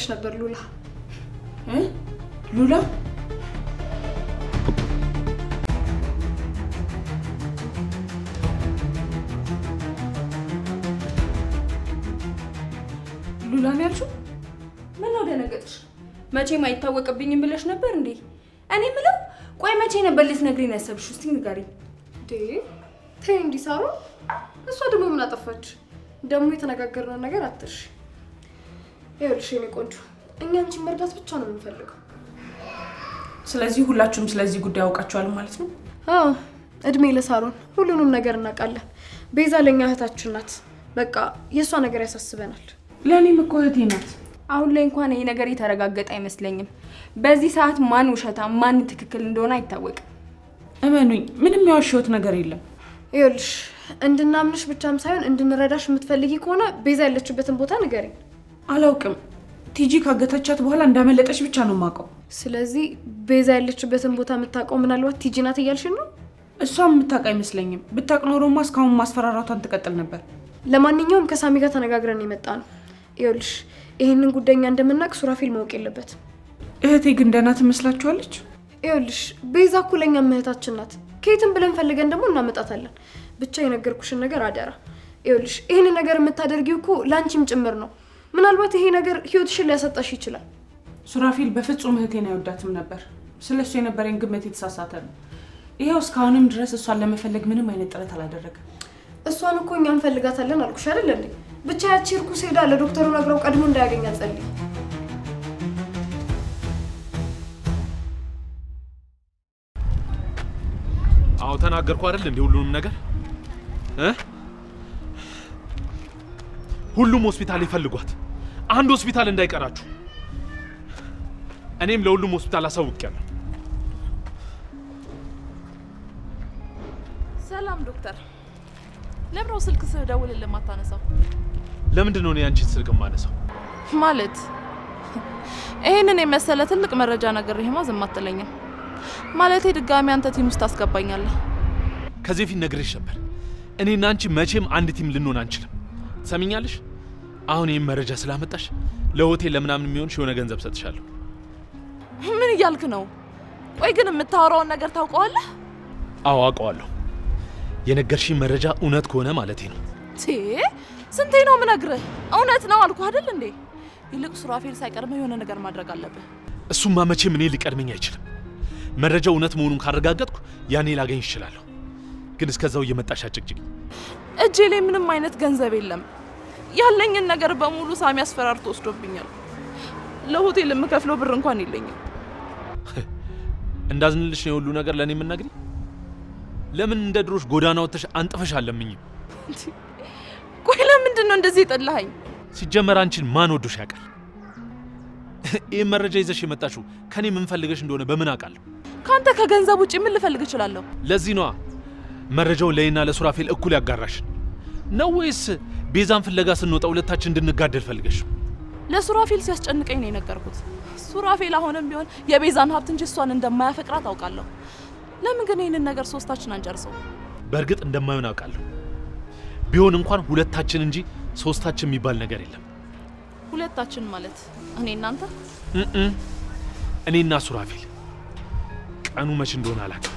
እየነገርኩሽ ነበር ሉላ ሉላ ሉላ ነው ያልሽው? ምን ነው ደነገጥሽ? መቼም አይታወቅብኝም ብለሽ ነበር እንዴ? እኔ ምለው ቆይ መቼ ነበር ልትነግሪኝ ያሰብሽው? እስቲ ንገሪኝ። እንዴ ተይ እንዲህ እሷ ደግሞ ምን አጠፋች? ደግሞ የተነጋገርነውን ነገር አትርሽ። ይኸውልሽ የኔ ቆንጆ እኛ አንቺን መርዳት ብቻ ነው የምንፈልገው። ስለዚህ ሁላችሁም ስለዚህ ጉዳይ አውቃችኋል ማለት ነው? አዎ፣ እድሜ ለሳሮን ሁሉንም ነገር እናውቃለን። ቤዛ ለእኛ እህታችን ናት። በቃ የእሷ ነገር ያሳስበናል። ለእኔም እኮ እህቴ ናት። አሁን ላይ እንኳን ይሄ ነገር የተረጋገጠ አይመስለኝም። በዚህ ሰዓት ማን ውሸታም ማን ትክክል እንደሆነ አይታወቅም። እመኑኝ፣ ምንም የዋሸሁት ነገር የለም። ይኸውልሽ እንድናምንሽ ብቻም ሳይሆን እንድንረዳሽ የምትፈልጊ ከሆነ ቤዛ ያለችበትን ቦታ ንገሪኝ። አላውቅም። ቲጂ ካገታቻት በኋላ እንዳመለጠች ብቻ ነው የማውቀው። ስለዚህ ቤዛ ያለችበትን ቦታ የምታውቀው ምናልባት ቲጂ ናት እያልሽን ነው? እሷ የምታውቅ አይመስለኝም። ብታውቅ ኖሮማ እስካሁን ማስፈራራቷን ትቀጥል ነበር። ለማንኛውም ከሳሚ ጋር ተነጋግረን የመጣ ነው። ይኸውልሽ ይህንን ጉዳይኛ እንደምናውቅ ሱራፊል ማወቅ የለበት። እህቴ ግን ደህና ትመስላችኋለች? ይኸውልሽ ቤዛ እኮ ለእኛም እህታችን ናት። ከየትም ብለን ፈልገን ደግሞ እናመጣታለን። ብቻ የነገርኩሽን ነገር አደራ። ይኸውልሽ ይህንን ነገር የምታደርጊው እኮ ለአንቺም ጭምር ነው ምናልባት ይሄ ነገር ህይወትሽን ሊያሳጣሽ ይችላል። ሱራፊል በፍጹም እህቴን አይወዳትም ነበር። ስለ እሱ የነበረኝ ግምት የተሳሳተ ነው። ይኸው እስካሁንም ድረስ እሷን ለመፈለግ ምንም አይነት ጥረት አላደረገም። እሷን እኮ እኛ እንፈልጋታለን አልኩሽ አይደል እንዴ? ብቻ ያቺ እርኩስ ሄዳ ለዶክተሩ ነግረው ቀድሞ እንዳያገኝ ጸልይ። አዎ ተናገርኩ አይደል እንዴ? ሁሉንም ነገር ሁሉም ሆስፒታል ይፈልጓት። አንድ ሆስፒታል እንዳይቀራችሁ። እኔም ለሁሉም ሆስፒታል አሳውቅያለሁ። ሰላም ዶክተር። ለምነው ስልክ ስደውል ለማታነሳው? ለምንድን ነው እኔ አንቺን ስልክ ማነሳው? ማለት ይህንን የመሰለ ትልቅ መረጃ ነገር ይሄማ ዝም አትለኝም። ማለቴ ድጋሚ አንተ ቲም ውስጥ ታስገባኛለህ። ከዚህ ፊት ነግሬሽ ነበር። እኔና አንቺ መቼም አንድ ቲም ልንሆን አንችልም። ትሰሚኛለሽ? አሁን ይህም መረጃ ስላመጣሽ ለሆቴል ለምናምን የሚሆን የሆነ ገንዘብ ሰጥሻለሁ። ምን እያልክ ነው? ቆይ ግን የምታወራውን ነገር ታውቀዋለህ? አዎ አውቀዋለሁ። የነገርሽኝ መረጃ እውነት ከሆነ ማለቴ ነው። ስንቴ ነው ምነግርህ? እውነት ነው አልኩ አይደል እንዴ? ይልቅ ሱራፌል ሳይቀድመህ የሆነ ነገር ማድረግ አለብህ። እሱማ መቼም እኔ ሊቀድመኝ አይችልም። መረጃው እውነት መሆኑን ካረጋገጥኩ ያኔ ላገኝ ይችላለሁ። ግን እስከዛው እየመጣሽ አጭቅጭቅ። እጄ ላይ ምንም አይነት ገንዘብ የለም። ያለኝን ነገር በሙሉ ሳሚ አስፈራርቶ ወስዶብኛል። ለሆቴል የምከፍለው ብር እንኳን የለኝም። እንዳዝንልሽ ነው የሁሉ ነገር ለእኔ የምነግሪኝ? ለምን እንደ ድሮሽ ጎዳና ወጥተሽ አንጥፈሽ አለምኝ? ቆይ ለምንድን ነው እንደዚህ የጠላኸኝ? ሲጀመር አንቺን ማን ወዶሽ ያውቃል? ይህ መረጃ ይዘሽ የመጣችው ከኔ የምንፈልገሽ እንደሆነ በምን አውቃለሁ? ከአንተ ከገንዘብ ውጭ ምን ልፈልግ እችላለሁ? ለዚህ ነዋ መረጃውን ለይና ለሱራፌል እኩል ያጋራሽ ነው ወይስ ቤዛን ፍለጋ ስንወጣ ሁለታችን እንድንጋደል ፈልገሽ ለሱራፌል ሲያስጨንቀኝ ነው የነገርኩት። ሱራፌል አሁንም ቢሆን የቤዛን ሀብት እንጂ እሷን እንደማያፈቅራ ታውቃለሁ። ለምን ግን ይህንን ነገር ሶስታችን አንጨርሰው? በእርግጥ እንደማይሆን አውቃለሁ። ቢሆን እንኳን ሁለታችን እንጂ ሶስታችን የሚባል ነገር የለም። ሁለታችን ማለት እኔ እናንተ፣ እኔና ሱራፌል። ቀኑ መች እንደሆነ አላውቅም፣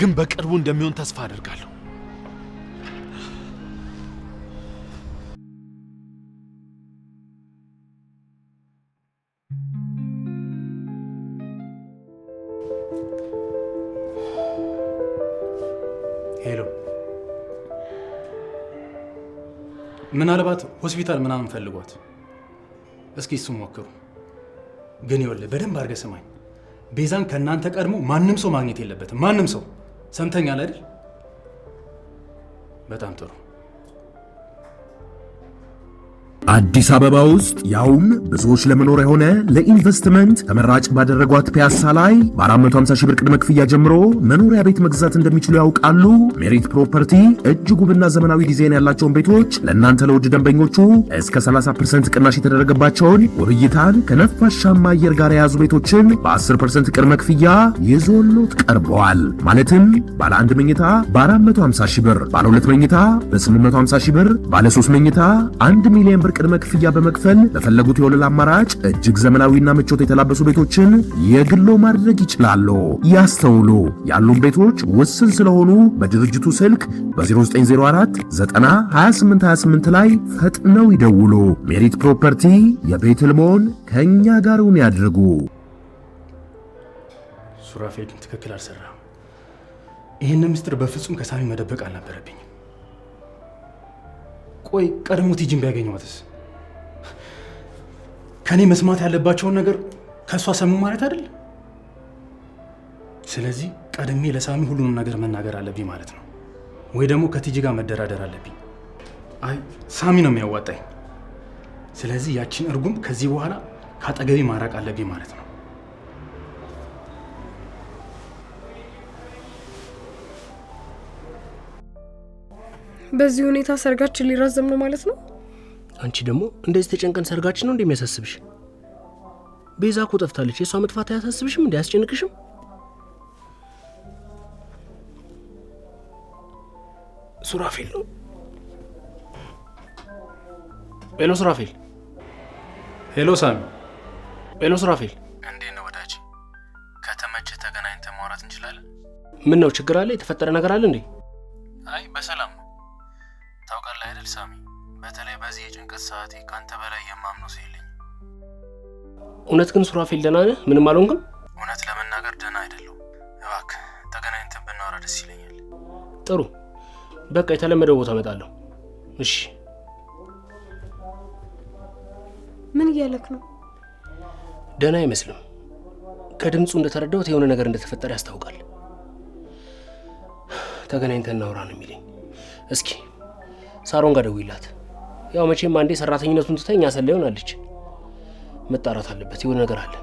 ግን በቅርቡ እንደሚሆን ተስፋ አደርጋለሁ። ምናልባት ሆስፒታል ምናምን ፈልጓት። እስኪ እሱ ሞክሩ። ግን ይኸውልህ በደንብ አድርገህ ስማኝ፣ ቤዛን ከእናንተ ቀድሞ ማንም ሰው ማግኘት የለበትም። ማንም ሰው ሰምተኛል አይደል? በጣም ጥሩ አዲስ አበባ ውስጥ ያውም ብዙዎች ለመኖር የሆነ ለኢንቨስትመንት ተመራጭ ባደረጓት ፒያሳ ላይ በ450 ሺህ ብር ቅድመ ክፍያ ጀምሮ መኖሪያ ቤት መግዛት እንደሚችሉ ያውቃሉ? ሜሪት ፕሮፐርቲ እጅግ ውብና ዘመናዊ ዲዛይን ያላቸውን ቤቶች ለእናንተ ለውድ ደንበኞቹ እስከ 30% ቅናሽ የተደረገባቸውን ውብ ከነፋሻማ አየር ጋር የያዙ ቤቶችን በ10% ቅድመ ክፍያ ይዞሎት ቀርበዋል። ማለትም ባለ አንድ መኝታ በ450 ሺህ ብር፣ ባለ ሁለት መኝታ በ850 ሺህ ብር፣ ባለ ሶስት መኝታ 1 ሚሊዮን ብር ቅድመ ክፍያ በመክፈል ለፈለጉት የወለል አማራጭ እጅግ ዘመናዊና ምቾት የተላበሱ ቤቶችን የግሎ ማድረግ ይችላሉ። ያስተውሉ፣ ያሉን ቤቶች ውስን ስለሆኑ በድርጅቱ ስልክ በ0904 28 ላይ ፈጥነው ይደውሉ። ሜሪት ፕሮፐርቲ የቤት ልሞን ከእኛ ጋርውን ያድርጉ። ሱራፌል ትክክል አልሰራም። ይህን ምስጢር በፍጹም ከሳሚ መደበቅ አልነበረብኝም። ቆይ ቀድሞ ቲጂን ቢያገኘዋትስ? ከኔ መስማት ያለባቸውን ነገር ከእሷ ሰሙ ማለት አይደል? ስለዚህ ቀድሜ ለሳሚ ሁሉንም ነገር መናገር አለብኝ ማለት ነው። ወይ ደግሞ ከቲጂ ጋር መደራደር አለብኝ። አይ ሳሚ ነው የሚያዋጣኝ። ስለዚህ ያችን እርጉም ከዚህ በኋላ ከአጠገቤ ማራቅ አለብኝ ማለት ነው። በዚህ ሁኔታ ሰርጋችን ሊራዘም ነው ማለት ነው። አንቺ ደግሞ እንደዚህ ተጨንቀን ሰርጋችን ነው እንደሚያሳስብሽ? ቤዛ እኮ ጠፍታለች። የእሷ መጥፋት አያሳስብሽም? እንዲ አያስጨንቅሽም? ሱራፌል ነው። ሄሎ ሱራፌል። ሄሎ ሳሚ። ሄሎ ሱራፌል፣ እንዴት ነው ወዳጅ? ከተመቸህ ተገናኝተን ማውራት እንችላለን። ምን ነው ችግር አለ? የተፈጠረ ነገር አለ እንዴ? እውነት ግን ሱራፌል ደህና ነህ? ምንም አልሆንክም? እውነት ለመናገር ደህና አይደለሁም። እባክህ ተገናኝተን ብናወራ ደስ ይለኛል። ጥሩ በቃ የተለመደው ቦታ እመጣለሁ። እሺ። ምን እያለክ ነው? ደህና አይመስልም። ከድምፁ እንደተረዳሁት የሆነ ነገር እንደተፈጠረ ያስታውቃል። ተገናኝተን እናውራ ነው የሚለኝ። እስኪ ሳሮን ጋር ደውይላት። ያው መቼም አንዴ ሰራተኝነቱን ትተኝ ሰላ ይሆናለች። መጣራት አለበት። የሆነ ነገር አለ።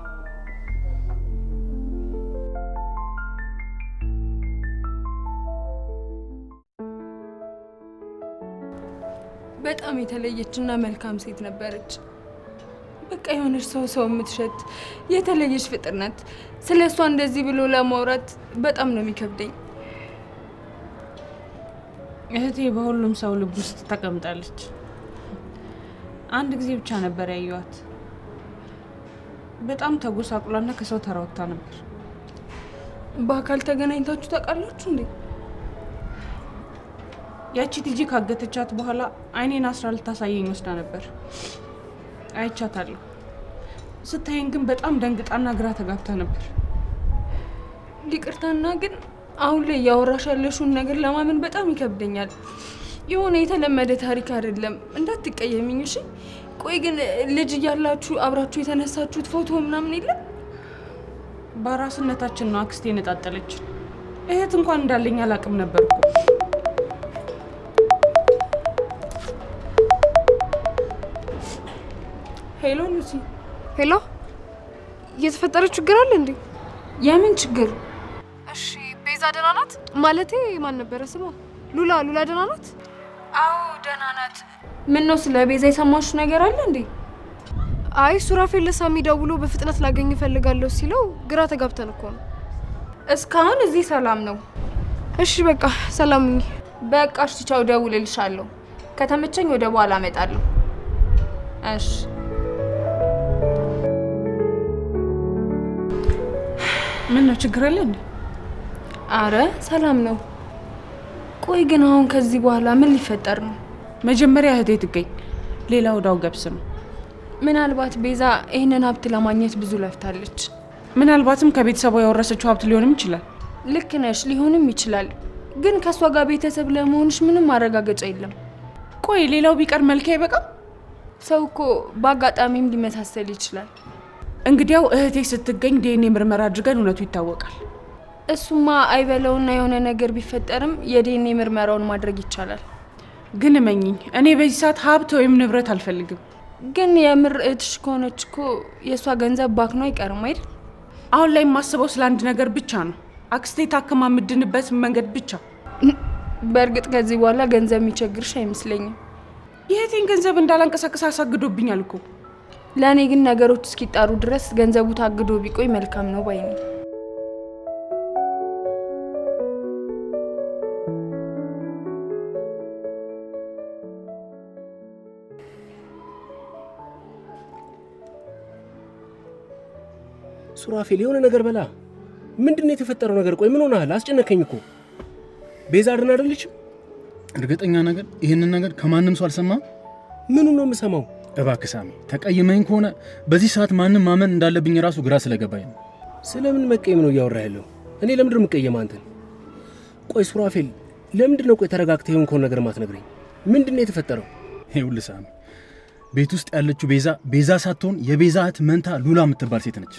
በጣም የተለየች እና መልካም ሴት ነበረች። በቃ የሆነች ሰው ሰው የምትሸት የተለየች ፍጥር ናት። ስለ እሷ እንደዚህ ብሎ ለማውራት በጣም ነው የሚከብደኝ። እህቴ በሁሉም ሰው ልብ ውስጥ ተቀምጣለች። አንድ ጊዜ ብቻ ነበር ያየዋት። በጣም ተጎሳቁላና ከሰው ተራወታ ነበር። በአካል ተገናኝታችሁ ታውቃላችሁ እንዴ? ያቺ ልጅ ካገተቻት በኋላ አይኔን አስራ ልታሳየኝ ወስዳ ነበር። አይቻታለሁ። ስታየኝ ግን በጣም ደንግጣና ግራ ተጋብታ ነበር። ይቅርታና ግን አሁን ላይ እያወራሽ ያለሽውን ነገር ለማመን በጣም ይከብደኛል። የሆነ የተለመደ ታሪክ አይደለም። እንዳትቀየሚኝ እሺ። ቆይ ግን ልጅ እያላችሁ አብራችሁ የተነሳችሁት ፎቶ ምናምን የለም? በራስነታችን ነው አክስቴ የነጣጠለችን። እህት እንኳን እንዳለኝ አላቅም ነበር ሄሎ ሉሲ። ሄሎ፣ እየተፈጠረ ችግር አለ እንዴ? የምን ችግር? እሺ፣ ቤዛ ደህና ናት? ማለቴ ማን ነበረ ስሟ? ሉላ። ሉላ ደህና ናት? አዎ ደህና ናት። ነው ስለ ቤዛ የሰማሽ ነገር አለ እንዴ? አይ ሱራፌል ለሳሚ ደውሎ በፍጥነት ላገኝ እፈልጋለሁ ሲለው ግራ ተጋብተን እኮ ነው። እስካሁን እዚህ ሰላም ነው። እሺ በቃ ሰላም ነኝ። በቃ እሺ ቻው፣ ደውልልሻለሁ። ከተመቸኝ ወደ በኋላ እመጣለሁ። እሺ ምን ነው ችግር አለ እንዴ? አረ ሰላም ነው። ቆይ ግን አሁን ከዚህ በኋላ ምን ሊፈጠር ነው? መጀመሪያ እህቴ ትገኝ፣ ሌላ ወዳው ገብስ ነው። ምናልባት ቤዛ ይህንን ሀብት ለማግኘት ብዙ ለፍታለች። ምናልባትም ከቤተሰቧ የወረሰችው ሀብት ሊሆንም ይችላል። ልክ ነሽ፣ ሊሆንም ይችላል። ግን ከእሷ ጋር ቤተሰብ ለመሆንሽ ምንም ማረጋገጫ የለም። ቆይ ሌላው ቢቀር መልክ አይበቃም? ሰው እኮ በአጋጣሚም ሊመሳሰል ይችላል። እንግዲያው እህቴ ስትገኝ ዲኤንኤ ምርመራ አድርገን እውነቱ ይታወቃል። እሱማ አይበለውና የሆነ ነገር ቢፈጠርም የዲኤንኤ ምርመራውን ማድረግ ይቻላል። ግን እመኝኝ፣ እኔ በዚህ ሰዓት ሀብት ወይም ንብረት አልፈልግም። ግን የምር እህትሽ ከሆነች እኮ የእሷ ገንዘብ ባክኖ አይቀርም አይደል? አሁን ላይ የማስበው ስለ አንድ ነገር ብቻ ነው፣ አክስቴ ታክማ የምድንበት መንገድ ብቻ። በእርግጥ ከዚህ በኋላ ገንዘብ የሚቸግርሽ አይመስለኝም። የእህቴን ገንዘብ እንዳላንቀሳቀስ አሳግዶብኛል እኮ። ለእኔ ግን ነገሮች እስኪጣሩ ድረስ ገንዘቡ ታግዶ ቢቆይ መልካም ነው ባይ ሱራፌል የሆነ ነገር በላ። ምንድን ነው የተፈጠረው ነገር? ቆይ ምን ሆናል? አስጨነከኝ እኮ ቤዛ አድን አይደለችም? እርግጠኛ ነገር ይህንን ነገር ከማንም ሰው አልሰማም። ምኑ ነው የምሰማው? እባክህ ሳሚ፣ ተቀይመኝ ከሆነ በዚህ ሰዓት ማንም ማመን እንዳለብኝ ራሱ ግራ ስለገባኝ ነው። ስለምን መቀየም ነው እያወራ ያለው? እኔ ለምንድን የምቀየም አንተን? ቆይ ሱራፌል፣ ለምንድን ነው ቆይ ተረጋግተህ ይሁን ነገር ማትነግረኝ? ምንድን ነው የተፈጠረው? ይኸውልህ ሳሚ፣ ቤት ውስጥ ያለችው ቤዛ ቤዛ ሳትሆን የቤዛ እህት መንታ ሉላ የምትባል ሴት ነች።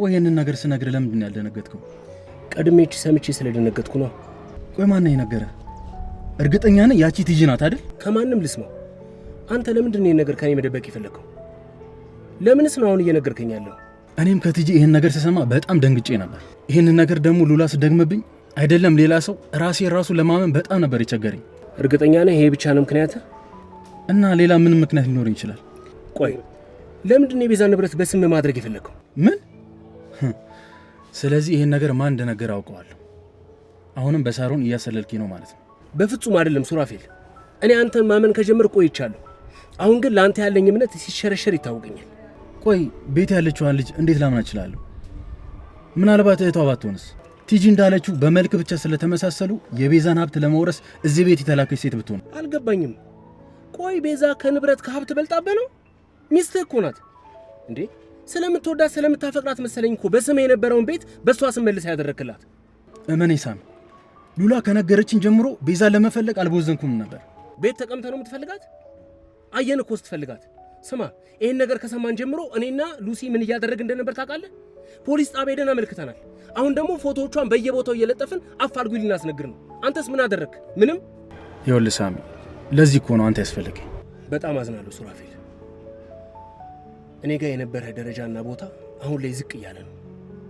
ቆይ ይህንን ነገር ስነግር ለምንድን ነው ያልደነገጥከው? ቀድሜች ሰምቼ ስለደነገጥኩ ነው። ቆይ ማን ነው የነገረ? እርግጠኛ ነህ ያቺ ቲጂ ናት አይደል? ከማንም ልስማው። አንተ ለምንድን ነው ነገር ከኔ መደበቅ የፈለግከው? ለምንስ ነው አሁን እየነገርከኝ ያለው? እኔም ከቲጂ ይህን ነገር ስሰማ በጣም ደንግጬ ነበር። ይህንን ነገር ደግሞ ሉላ ስደግመብኝ አይደለም ሌላ ሰው ራሴ ራሱ ለማመን በጣም ነበር የቸገረኝ። እርግጠኛ ነህ ይሄ ብቻ ነው ምክንያት? እና ሌላ ምን ምክንያት ሊኖር ይችላል? ቆይ ለምንድን ነው የቤዛ ንብረት በስም ማድረግ የፈለግከው? ምን ስለዚህ ይሄን ነገር ማን እንደነገር አውቀዋለሁ። አሁንም በሳሮን እያሰለልኪ ነው ማለት ነው። በፍጹም አይደለም ሱራፌል፣ እኔ አንተን ማመን ከጀመር ቆይቻለሁ። አሁን ግን ለአንተ ያለኝ እምነት ሲሸረሸር ይታወቀኛል። ቆይ ቤት ያለችዋን ልጅ እንዴት ላምና እችላለሁ? ምናልባት እህቷ ባትሆንስ? ቲጂ እንዳለችው በመልክ ብቻ ስለተመሳሰሉ የቤዛን ሀብት ለመውረስ እዚህ ቤት የተላከች ሴት ብትሆን አልገባኝም። ቆይ ቤዛ ከንብረት ከሀብት በልጣበ ነው? ሚስትህ እኮ ናት እንዴ? ስለምትወዳት ስለምታፈቅራት መሰለኝ እኮ በስም የነበረውን ቤት በእሷ ስም መልስ ያደረክላት። እመኔ ሳም፣ ሉላ ከነገረችን ጀምሮ ቤዛ ለመፈለግ አልቦዘንኩም ነበር። ቤት ተቀምተ ነው የምትፈልጋት? አየን እኮ ስትፈልጋት። ስማ፣ ይህን ነገር ከሰማን ጀምሮ እኔና ሉሲ ምን እያደረግ እንደነበር ታውቃለህ? ፖሊስ ጣቢያ ሄደን አመልክተናል። አሁን ደግሞ ፎቶዎቿን በየቦታው እየለጠፍን አፋልጉ ልናስነግር ነው። አንተስ ምን አደረግ? ምንም። ይኸውልህ ሳሚ፣ ለዚህ እኮ ነው አንተ ያስፈልገኝ። በጣም አዝናለሁ ሱራፌል። እኔ ጋር የነበረ ደረጃና ቦታ አሁን ላይ ዝቅ እያለ ነው።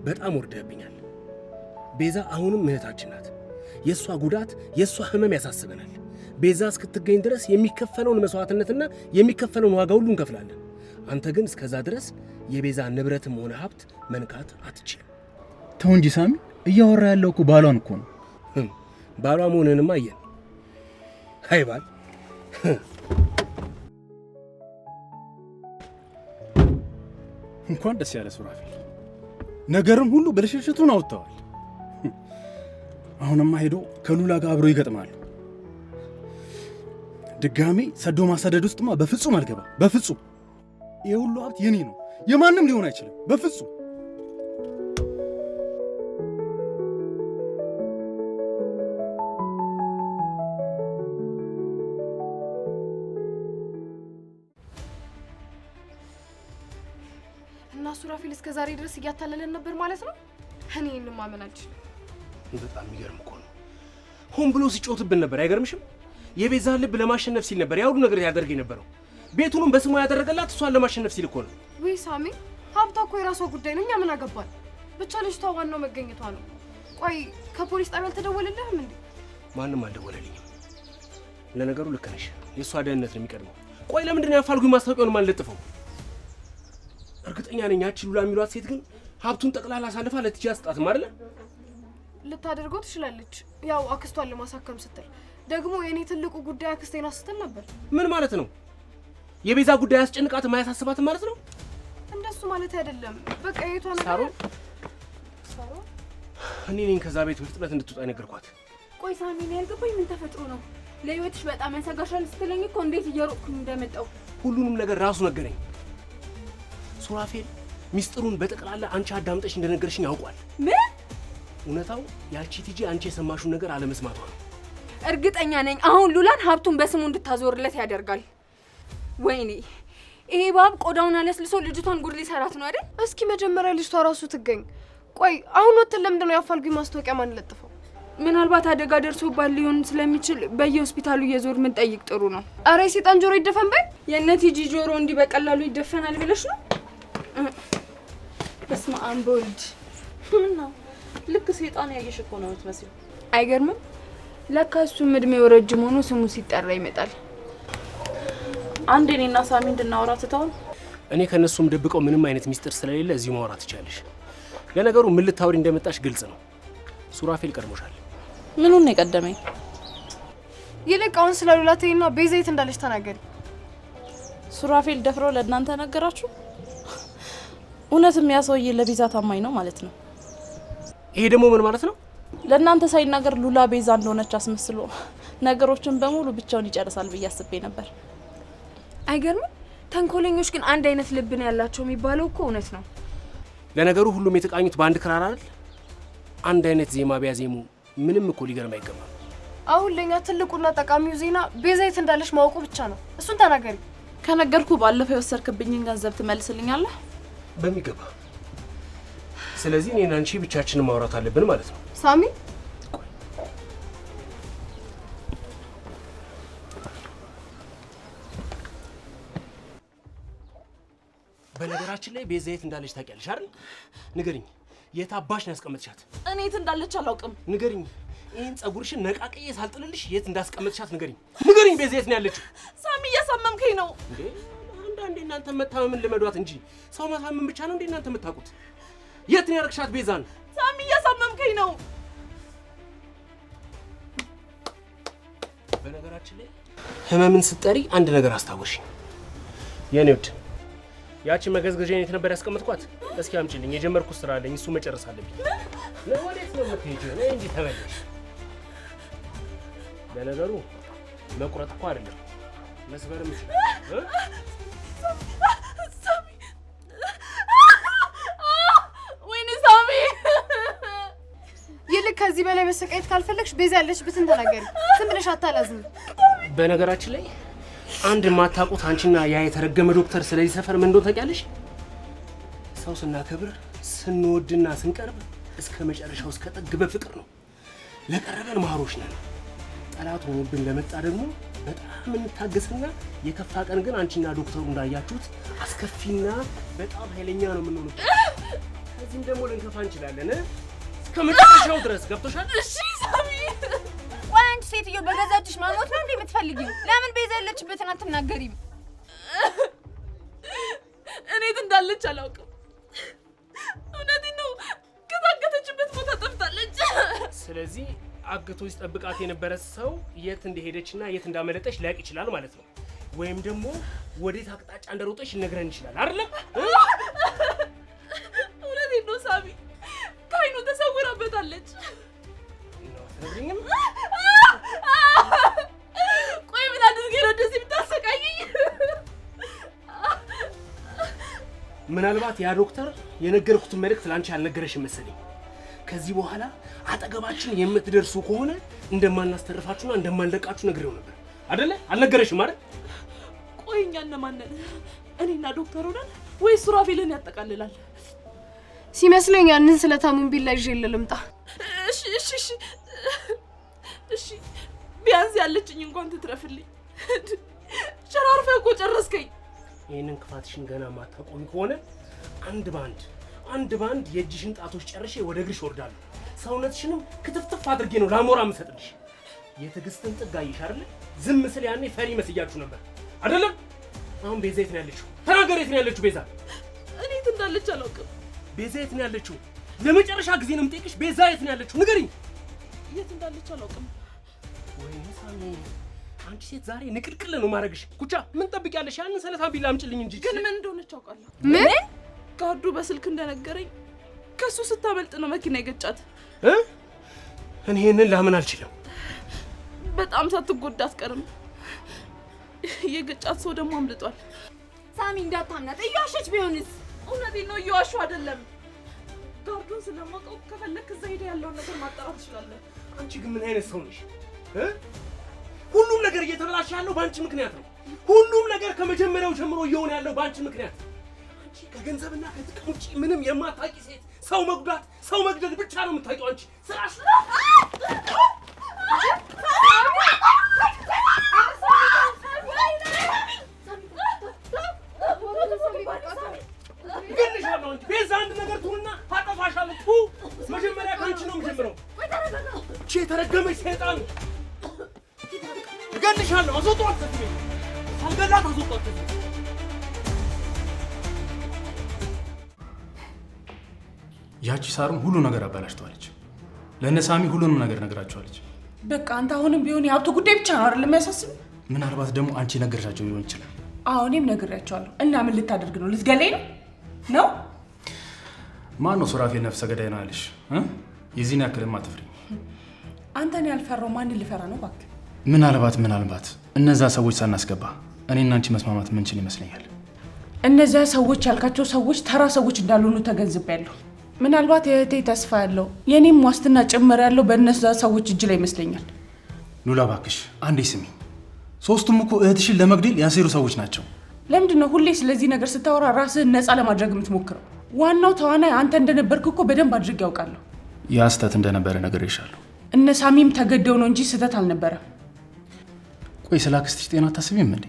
በጣም ወርደህብኛል። ቤዛ አሁንም እህታችን ናት። የእሷ ጉዳት፣ የእሷ ህመም ያሳስበናል። ቤዛ እስክትገኝ ድረስ የሚከፈለውን መስዋዕትነትና የሚከፈለውን ዋጋ ሁሉ እንከፍላለን። አንተ ግን እስከዛ ድረስ የቤዛ ንብረትም ሆነ ሀብት መንካት አትችልም። ተው እንጂ ሳሚ፣ እያወራ ያለው እኮ ባሏን እኮ ነው። ባሏ መሆንንማ አየን። አይ ባል እንኳን ደስ ያለ ሱራፌል። ነገርም ሁሉ ብልሽሽቱን አውጥተዋል። አሁንማ ሄዶ ከሉላ ጋር አብሮ ይገጥማል። ድጋሜ ሰዶ ማሳደድ ውስጥማ በፍጹም አልገባም። በፍጹም ይህ ሁሉ ሀብት የኔ ነው፣ የማንም ሊሆን አይችልም። በፍጹም ዛሬ ድረስ እያታለለን ነበር ማለት ነው። እኔ ማመን አልችልም። በጣም የሚገርም እኮ ነው። ሆን ብሎ ሲጮትብን ነበር። አይገርምሽም? የቤዛ ልብ ለማሸነፍ ሲል ነበር ያ ነገር ያደርግ የነበረው። ቤቱንም በስሟ ያደረገላት እሷን ለማሸነፍ ሲል እኮ ነው። ወይ ሳሚ፣ ሀብቷ እኮ የራሷ ጉዳይ ነው። እኛ ምን አገባል? ብቻ ልጅቷ ዋናው መገኘቷ ነው። ቆይ ከፖሊስ ጣቢያ አልተደወለልህም እንዴ? ማንም አልደወለልኝም። ለነገሩ ልክ ነሽ፣ የእሷ ደህንነት ነው የሚቀድመው። ቆይ ለምንድን ነው ያፋልጉኝ ማስታወቂያውን ለጥፈው እርግጠኛ ነኝ ያቺ ሉላ የሚሏት ሴት ግን ሀብቱን ጠቅላላ አሳልፋ ለትቼ አስጣትም አይደለ? ልታደርገው ትችላለች። ያው አክስቷን ለማሳከም ስትል ደግሞ የእኔ ትልቁ ጉዳይ አክስቴን ስትል ነበር። ምን ማለት ነው? የቤዛ ጉዳይ አስጨንቃት አያሳስባትም ማለት ነው? እንደሱ ማለት አይደለም። በቃ የቷ ነገር እኔ ነኝ ከዛ ቤት በፍጥነት እንድትወጣ ነገርኳት። ቆይ ሳሚ፣ እኔ ያልገባኝ ምን ተፈጥሮ ነው? ለህይወትሽ በጣም ያሰጋሻል ስትለኝ እኮ እንዴት እየሮጥኩኝ እንደመጣው ሁሉንም ነገር ራሱ ነገረኝ። ሱራፌል ሚስጥሩን በጠቅላላ አንቺ አዳምጠሽ እንደነገርሽኝ ያውቋል። ምን? እውነታው ያቺ ቲጂ አንቺ የሰማሽውን ነገር አለመስማቷ ነው። እርግጠኛ ነኝ። አሁን ሉላን ሀብቱን በስሙ እንድታዞርለት ያደርጋል። ወይኔ ይሄ ባብ ቆዳውን አለስልሶ ልጅቷን ጉድ ሊሰራት ነው አይደል? እስኪ መጀመሪያ ልጅቷ ራሱ ትገኝ። ቆይ አሁን ወጥተን ለምንድን ነው የአፋልጉኝ ማስታወቂያ ለጥፈው ምናልባት አደጋ ደርሶባት ሊሆን ስለሚችል በየሆስፒታሉ እየዞር ምን ጠይቅ ጥሩ ነው። አረ ሴጣን ጆሮ ይደፈን በይ። የእነ ቲጂ ጆሮ እንዲህ በቀላሉ ይደፈናል ብለሽ ነው? በስመ አብ በወልድ ነው። ልክ ሴጣን ያየሽ እኮ ነው የምትመስለው። አይገርምም? ለካ እሱም እድሜው ረጅም ሆኖ ስሙ ሲጠራ ይመጣል። አንድ እኔና ሳሚ እንድናወራ ትተውን። እኔ ከእነሱም ደብቀው ምንም አይነት ሚስጥር ስለሌለ እዚሁ ማውራት ትቻለሽ። ለነገሩ ምን ልታወሪ እንደመጣሽ ግልጽ ነው። ሱራፌል ቀድሞሻል። ምኑን ነው የቀደመኝ? ይልቅ አሁን ስለ ሉላቴና ቤዛ የት እንዳለች ተናገሪ። ሱራፌል ደፍረው ለእናንተ ነገራችሁ? እውነትም ያ ሰውዬ ለቤዛ ታማኝ ነው ማለት ነው። ይሄ ደግሞ ምን ማለት ነው? ለእናንተ ሳይናገር ሉላ ቤዛ እንደሆነች አስመስሎ ነገሮችን በሙሉ ብቻውን ይጨርሳል ብዬ አስቤ ነበር። አይገርምም? ተንኮለኞች ግን አንድ አይነት ልብ ነው ያላቸው የሚባለው እኮ እውነት ነው። ለነገሩ ሁሉም የተቃኙት በአንድ ክራር አይደል? አንድ አይነት ዜማ ቢያዜሙ ምንም እኮ ሊገርም አይገባም። አሁን ለእኛ ትልቁና ጠቃሚው ዜና ቤዛ የት እንዳለች ማወቁ ብቻ ነው። እሱን ተናገሪ። ከነገርኩ ባለፈው የወሰድክብኝን ገንዘብ ትመልስልኛለህ? በሚገባ ስለዚህ እኔና አንቺ ብቻችንን ማውራት አለብን ማለት ነው ሳሚ በነገራችን ላይ ቤዛ የት እንዳለች ታውቂያለሽ አይደል ንገርኝ የት አባሽ ነው ያስቀመጥሻት እኔ የት እንዳለች አላውቅም ንገርኝ ይህን ጸጉርሽን ነቃቅዬ ሳልጥልልሽ የት እንዳስቀመጥሻት ንገርኝ ንገርኝ ቤዛ የት ነው ያለችው ሳሚ እያሳመምከኝ ነው እንዴ እንደ እናንተ መታመምን ልመዷት እንጂ ሰው መታመም ብቻ ነው እንደ እናንተ የምታውቁት። የት ነው ያረግሻት ቤዛን? ሳሚ እያሳመምከኝ ነው። በነገራችን ላይ ህመምን ስትጠሪ አንድ ነገር አስታወሽኝ። የኔ ውድ ያቺ መገዝገዣ የት ነበር ያስቀምጥኳት? እስኪ አምጪልኝ፣ የጀመርኩት ስራ አለኝ፣ እሱ መጨረስ አለብኝ። ለወዴት ነው የምትሄጂው? ነይ እንጂ ተመለሽ። ለነገሩ መቁረጥ እኮ አይደለም መስበርም ይችላል። በላይ መሰቃየት ካልፈለግሽ ቤዛ ያለሽ ብትን ተናገሪ። ዝም ብለሽ አታላዝም። በነገራችን ላይ አንድ የማታውቁት አንቺና ያ የተረገመ ዶክተር ስለዚህ ሰፈር ምን እንደሆነ ታውቂያለሽ? ሰው ስናከብር ስንወድና ስንቀርብ እስከ መጨረሻው እስከ ጠግ በፍቅር ነው። ለቀረበን መሀሮች ነን። ጠላት ሆኖብን ለመጣ ደግሞ በጣም እንታገስና የከፋ ቀን ግን አንቺና ዶክተሩ እንዳያችሁት አስከፊና በጣም ኃይለኛ ነው የምንሆኑት። ከዚህም ደግሞ ልንከፋ እንችላለን። ከመጨረሻው ድረስ ገብቶሻል? እሺ ሳሚ፣ ቆይ አንቺ ሴትዮ በገዛችሽ ማሞት ነው እንዴ የምትፈልጊው? ለምን ቤዛ ያለችበትን አትናገሪም? እኔት እንዳለች አላውቅም። እውነቴን ነው፣ ከታገተችበት ቦታ ጠፍታለች። ስለዚህ አግቶች ጠብቃት የነበረ ሰው የት እንደሄደች እና የት እንዳመለጠች ሊያውቅ ይችላል ማለት ነው። ወይም ደግሞ ወዴት አቅጣጫ እንደሮጠች ሊነግረን ይችላል አይደለም? አትነግሪኝም? ቆይ ምን አድርጌ ነው እንደዚህ የምታሰቃየኝ? ምናልባት ያ ዶክተር የነገርኩትን መልእክት ላንቺ አልነገረሽም መሰለኝ። ከዚህ በኋላ አጠገባችን የምትደርሱ ከሆነ እንደማናስተርፋችሁና እንደማንለቃችሁ ነግሬው ነበር አደለ? አልነገረሽም ማለት ቆይ፣ እኛ እነማን ነን? እኔና ዶክተር ሆነን ወይስ ሱራፌልን ያጠቃልላል? ሲመስለኝ ያንን ስለታሙን ቢላ ይዤ ልምጣ። እሺ እሺ እሺ እሺ ቢያንስ ያለችኝ እንኳን ትትረፍልኝ። ሸራርፈ እኮ ጨረስከኝ። ይህንን ክፋትሽን ገና ማታቆሚ ከሆነ አንድ በአንድ አንድ በአንድ የእጅሽን ጣቶች ጨርሼ ወደ እግርሽ ወርዳለሁ። ሰውነትሽንም ክትፍትፍ አድርጌ ነው ላሞራ የምሰጥልሽ። የትዕግስትን ጥጋ አየሽ አይደለ? ዝም ስል ያኔ ፈሪ መስያችሁ ነበር አይደለም? አሁን ቤዛ የት ነው ያለችው? ተናገር፣ የት ነው ያለችው ቤዛ? እኔ የት እንዳለች አላውቅም። ቤዛ የት ነው ያለችው? ለመጨረሻ ጊዜ ነው የምጠይቅሽ። ቤዛ የት ነው ያለችው? ንገሪኝ። የት እንዳለች አላውቅም። ወይ ሳሚ፣ አንቺ ሴት ዛሬ ንቅልቅል ነው ማድረግሽ። ኩቻ ምን ጠብቂያለሽ? ያንን ሰለታም ቢላ አምጪልኝ እንጂ። ግን ምን እንደሆነች አውቃለሁ። ምን ጋርዱ በስልክ እንደነገረኝ ከሱ ስታመልጥ ነው መኪና የገጫት። እኔ ይህንን ላምን አልችልም። በጣም ሳትጎዳ አትቀርም። የገጫት ሰው ደግሞ አምልጧል። ሳሚ እንዳታምናት፣ እየዋሸች ቢሆንስ? እውነቴን ነው፣ እየዋሸሁ አይደለም። ጋርዱን ስለማውቀው ከፈለክ እዛ ሄደህ ያለውን ነገር ማጣራት ትችላለህ። አንቺ ግን ምን አይነት ሰው ነሽ? ሁሉም ነገር እየተበላሸ ያለው በአንቺ ምክንያት ነው። ሁሉም ነገር ከመጀመሪያው ጀምሮ እየሆነ ያለው በአንቺ ምክንያት ነው። አንቺ ከገንዘብና ከጥቅም ውጭ ምንም የማታውቂ ሴት፣ ሰው መጉዳት፣ ሰው መግደል ብቻ ነው የምታውቂው አንቺ ስራሽ ግን አንድ ነገር ትሁንና ታጠፋሻለች። መጀመሪያ ከአንቺ ነው የምጀምረው። እቺ የተረገመች ሰይጣን እገልሻለሁ። አስወጧት ከዚህ ቤት ሳልገላት አስወጧት ከዚህ ቤት። ያቺ ሳሩም ሁሉ ነገር አበላሽተዋለች። ለነሳሚ ሁሉንም ነገር ነግራቸዋለች። በቃ አንተ አሁንም ቢሆን የሀብቱ ጉዳይ ብቻ ነው አይደል የሚያሳስብ? ምናልባት ደግሞ አንቺ ነገርሻቸው ሊሆን ይችላል። አዎ እኔም ነግሬያቸዋለሁ። እና ምን ልታደርግ ነው? ልትገለኝ ነው ነው? ማን ነው ሱራፌ ነፍሰ ገዳይ ነው ያለሽ? የዚህን ያክልም አትፍሪ። አንተን ያልፈራው ማንን ልፈራ ነው? እባክህ ምናልባት ምናልባት እነዛ ሰዎች ሳናስገባ እኔ እና አንቺ መስማማት ምንችል ይመስለኛል። እነዚያ ሰዎች ያልካቸው ሰዎች ተራ ሰዎች እንዳልሆኑ ተገንዝቤያለሁ። ምናልባት የእህቴ ተስፋ ያለው የእኔም ዋስትና ጭምር ያለው በእነዛ ሰዎች እጅ ላይ ይመስለኛል። ሉላ እባክሽ አንዴ ስሚ፣ ሶስቱም እኮ እህትሽን ለመግደል ያሴሩ ሰዎች ናቸው። ለምንድን ነው ሁሌ ስለዚህ ነገር ስታወራ ራስህን ነፃ ለማድረግ የምትሞክረው? ዋናው ተዋናይ አንተ እንደነበርክ እኮ በደንብ አድርግ ያውቃለሁ። ያ ስህተት እንደነበረ ነግሬሻለሁ። እነ ሳሚም ተገደው ነው እንጂ ስህተት አልነበረም። ቆይ ስለ አክስትሽ ጤና አታስቢም እንዴ?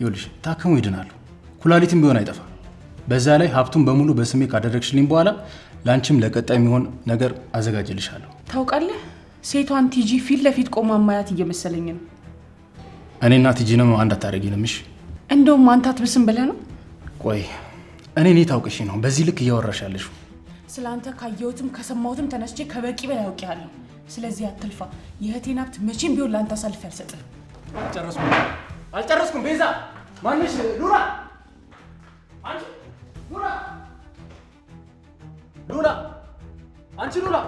ይኸውልሽ ታክሙ ይድናሉ፣ ኩላሊትም ቢሆን አይጠፋም። በዛ ላይ ሀብቱን በሙሉ በስሜ ካደረግሽልኝ በኋላ ለአንቺም ለቀጣይ የሚሆን ነገር አዘጋጅልሻለሁ። ታውቃለህ፣ ሴቷን ቲጂ ፊት ለፊት ቆማ ማያት እየመሰለኝ ነው። እኔና ቲጂንም አንድ አታደርጊንም? እሺ እንደውም አንታት ብስም ብለህ ነው። ቆይ እኔ እኔ ታውቅሽ ነው በዚህ ልክ እያወራሽ ያለሽው ስለ አንተ ካየሁትም ከሰማሁትም ተነስቼ ከበቂ በላይ አውቄያለሁ። ስለዚህ አትልፋ። የእህቴን ሀብት መቼም ቢሆን ለአንተ አሳልፌ አልሰጥም። አልጨረስኩም፣ አልጨረስኩም። ቤዛ ማንሽ ሉላ፣ አንቺ ሉላ፣ ሉላ፣ አንቺ ሉላ፣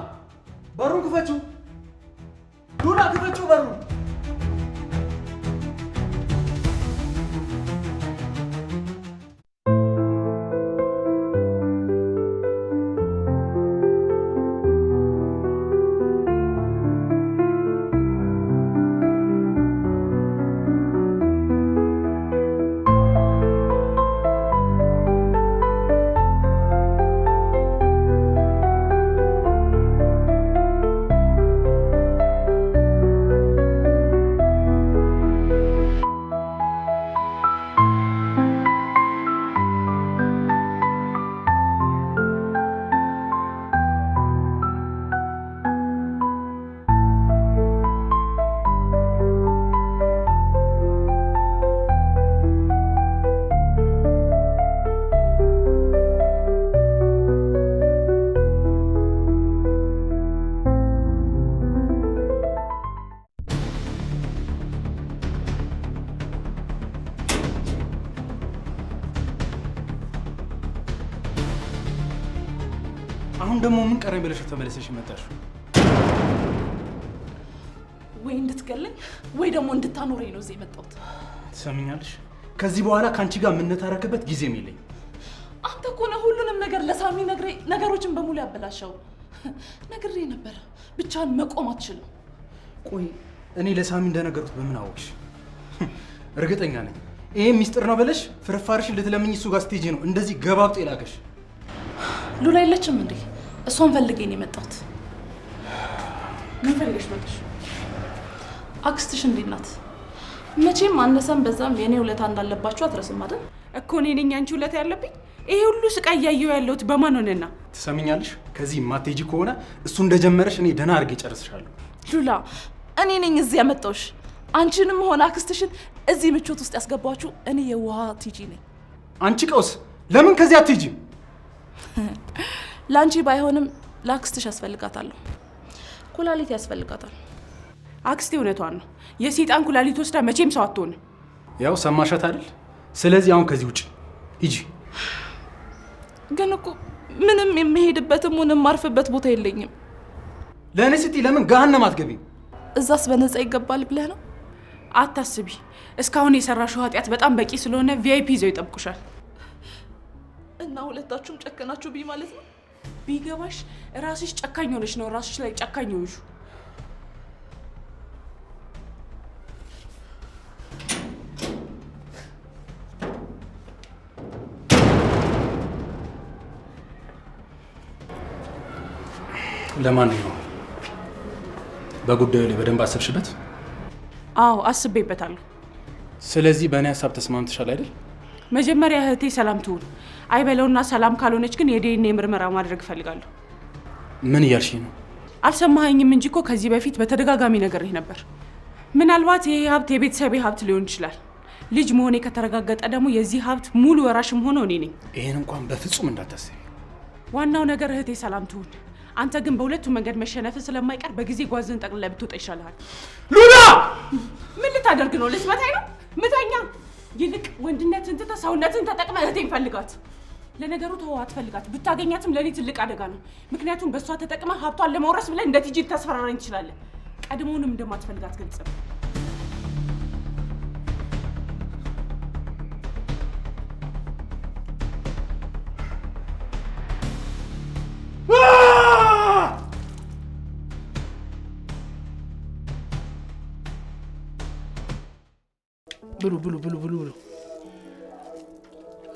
በሩን ክፈችው። ሉላ ክፈችው በሩን አሁን ደግሞ ምን ቀረኝ ብለሽ ተመለሰሽ መጣሽ? ወይ እንድትገለኝ ወይ ደግሞ እንድታኖረኝ ነው እዚህ የመጣሁት። ትሰምኛለሽ? ከዚህ በኋላ ከአንቺ ጋር የምንታረክበት ጊዜም የለኝ። አንተ እኮ ነው ሁሉንም ነገር ለሳሚ ነገሮችን በሙሉ ያበላሸው። ነግሬ ነበረ፣ ብቻን መቆም አትችልም። ቆይ እኔ ለሳሚ እንደነገርኩት በምን አወቅሽ? እርግጠኛ ነኝ ይሄ ሚስጥር ነው ብለሽ ፍርፋርሽ ልትለምኝ እሱ ጋር ስትሄጂ ነው እንደዚህ ገባብጦ የላከሽ። ሉላ የለችም እንዴ? እሷን ፈልጌ ነው የመጣሁት። ምን ፈልገሽ መጣሽ? አክስትሽ እንዴት ናት? መቼም አነሰም በዛም የእኔ ውለታ እንዳለባችሁ አትረስም አይደል? እኮ እኔ ነኝ አንቺ ውለታ ያለብኝ። ይሄ ሁሉ ስቃይ እያየሁ ያለሁት በማን ሆነና? ትሰሚኛለሽ? ከዚህ ማቴጂ ከሆነ እሱ እንደጀመረሽ እኔ ደህና አድርጌ ጨርስሻለሁ። ሉላ፣ እኔ ነኝ እዚህ ያመጣሁሽ። አንቺንም ሆነ አክስትሽን እዚህ ምቾት ውስጥ ያስገባችሁ እኔ የውሃ ቲጂ ነኝ። አንቺ ቀውስ፣ ለምን ከዚህ አትሄጂም? ለአንቺ ባይሆንም ለአክስትሽ አስፈልጋታለሁ። ኩላሊት ያስፈልጋታል። አክስቴ እውነቷን ነው። የሴጣን ኩላሊት ወስዳ መቼም ሰው አትሆን። ያው ሰማሻት አይደል? ስለዚህ አሁን ከዚህ ውጭ ሂጂ። ግን እኮ ምንም የምሄድበትም ሆነ የማርፍበት ቦታ የለኝም። ለእኔ ስትይ ለምን ገሀነም አትገቢም? እዛስ በነፃ ይገባል ብለህ ነው? አታስቢ። እስካሁን የሰራሽው ኃጢአት በጣም በቂ ስለሆነ ቪአይፒ ይዘው ይጠብቁሻል። እና ሁለታችሁም ጨከናችሁ ብኝ ማለት ነው። ቢገባሽ ራስሽ ጨካኝ ሆነሽ ነው ራስሽ ላይ ጨካኝ ሆንሽ። ለማንኛውም በጉዳዩ ላይ በደንብ አሰብሽበት? አዎ አስቤበታለሁ። ስለዚህ በእኔ ሀሳብ ተስማምተሻል አይደል? መጀመሪያ እህቴ ሰላም ትሁን። አይበለውና ሰላም ካልሆነች ግን የዲኤንኤ ምርመራ ማድረግ እፈልጋለሁ። ምን እያልሽ ነው? አልሰማኸኝም እንጂ እኮ ከዚህ በፊት በተደጋጋሚ ነገር ነበር። ምናልባት ይሄ ሀብት የቤተሰቤ ሀብት ሊሆን ይችላል። ልጅ መሆኔ ከተረጋገጠ ደግሞ የዚህ ሀብት ሙሉ ወራሽም ሆኖ እኔ ነኝ። ይህን እንኳን በፍጹም እንዳታስቢ። ዋናው ነገር እህቴ ሰላም ትሁን። አንተ ግን በሁለቱ መንገድ መሸነፍ ስለማይቀር በጊዜ ጓዝን ጠቅልለህ ብትወጣ ይሻልሃል። ሉላ ምን ልታደርግ ነው? ልትመታኝ ነው? ምታኛ ይልቅ ወንድነትን ትተህ ሰውነትን ተጠቅመህ እህቴን ፈልጋት። ለነገሩ ተው፣ አትፈልጋት። ብታገኛትም ለእኔ ትልቅ አደጋ ነው። ምክንያቱም በእሷ ተጠቅመህ ሀብቷን ለመውረስ ብለህ እንደ ቲጂ ልታስፈራራኝ ትችላለህ። ቀድሞውንም እንደማትፈልጋት ግልጽ ነው። ብሉ ብሉ ብሉ ብሉ ብሉ።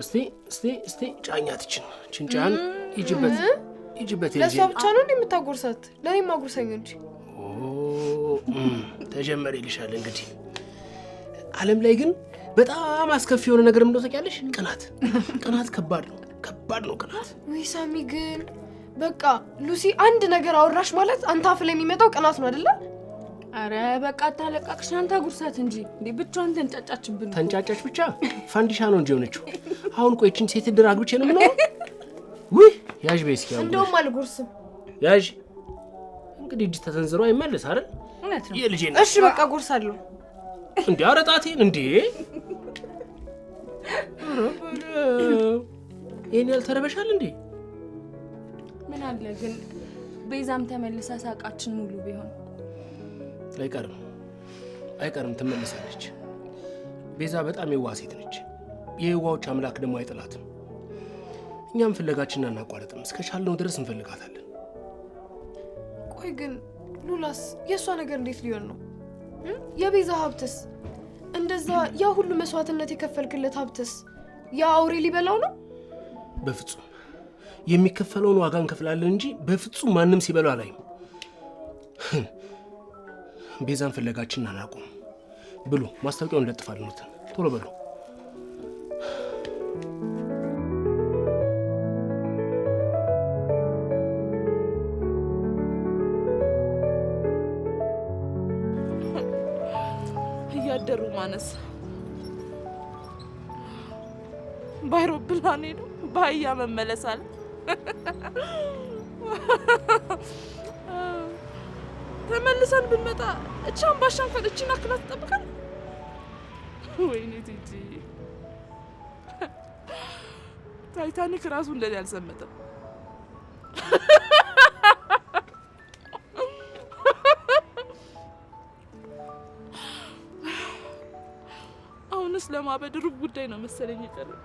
እስቲ እስቲ እስቲ ጫኛት ይችን ችንጫን ይጅበት ይጅበት። ለእሷ ብቻ ነው የምታጎርሳት? ለእኔም አጉርሰኝ እንጂ። ተጀመረ ይልሻል እንግዲህ። ዓለም ላይ ግን በጣም አስከፊ የሆነ ነገር ምንደ ታውቂያለሽ? ቅናት። ቅናት ከባድ ነው፣ ከባድ ነው ቅናት። ወይ ሳሚ ግን በቃ ሉሲ፣ አንድ ነገር አወራሽ ማለት አንተ አፍ ላይ የሚመጣው ቅናት ነው አይደለ? አረ በቃ ታለቃቅሽ፣ አንተ ጉርሳት እንጂ እንዴ ብቻዋን ተንጫጫችብን። ተንጫጫች ብቻ ፋንዲሻ ነው እንጂ ሆነችው። አሁን ቆይ ቆይችን ሴት ድር አግብቼ ነው ምነው? ውይ ያዥ በይ እስኪ። እንደውም አልጉርስም። ያዥ እንግዲህ እጅ ተሰንዝሮ አይመለስ አይደል? እውነት ነው የልጄ ነው። እሺ በቃ ጉርሳለሁ። እንዴ አረ ጣቴን እንዴ ይህን ያልተረበሻል እንዴ? ምን አለ ግን ቤዛም ተመልሳ ሳቃችን ሙሉ ቢሆን አይቀርም አይቀርም፣ ትመለሳለች። ቤዛ በጣም የዋህ ሴት ነች። የየዋዎች አምላክ ደግሞ አይጥላትም። እኛም ፍለጋችንን አናቋረጥም። እስከ ቻልነው ድረስ እንፈልጋታለን። ቆይ ግን ሉላስ የእሷ ነገር እንዴት ሊሆን ነው? የቤዛ ሀብትስ? እንደዛ ያ ሁሉ መስዋዕትነት የከፈልክለት ሀብትስ ያ አውሬ ሊበላው ነው? በፍጹም የሚከፈለውን ዋጋ እንከፍላለን እንጂ በፍጹም ማንም ሲበላ አላይም። ቤዛን ፍለጋችንን አናቁም። ብሉ፣ ማስታወቂያውን ለጥፋልኑት። ቶሎ በሉ። እያደሩ ማነስ በአይሮፕላን ሄዱ በአህያ መመለሳል ተመልሰን ብንመጣ እቻን ባሻን እንኳን እቺን አክላ ትጠብቀን። ወይኔ ቲጂ ታይታኒክ ራሱ እንደዚህ አልሰመጠም። አሁንስ ለማበድ ሩብ ጉዳይ ነው መሰለኝ የቀረው።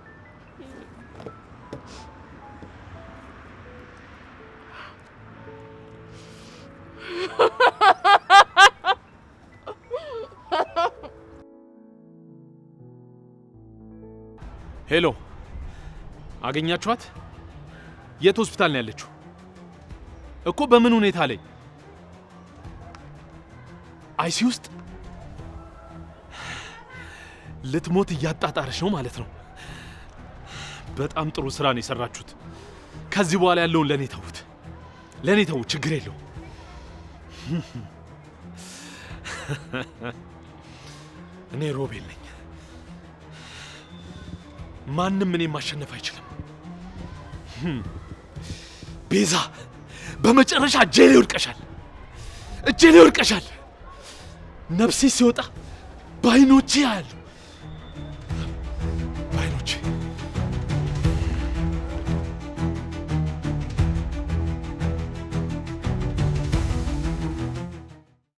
ሄሎ፣ አገኛችኋት? የት ሆስፒታል ነው ያለችው? እኮ በምን ሁኔታ ላይ? አይሲ ውስጥ ልትሞት እያጣጣረች ነው ማለት ነው። በጣም ጥሩ ስራ ነው የሰራችሁት። ከዚህ በኋላ ያለውን ለእኔ ተዉት፣ ለእኔ ተዉት፣ ችግር የለው። እኔ ሮቤል ነኝ። ማንም እኔ ማሸነፍ አይችልም። ቤዛ በመጨረሻ እጄ ላይ ወድቀሻል፣ እጄ ላይ ወድቀሻል። ነፍሴ ሲወጣ ባይኖቼ ያሉ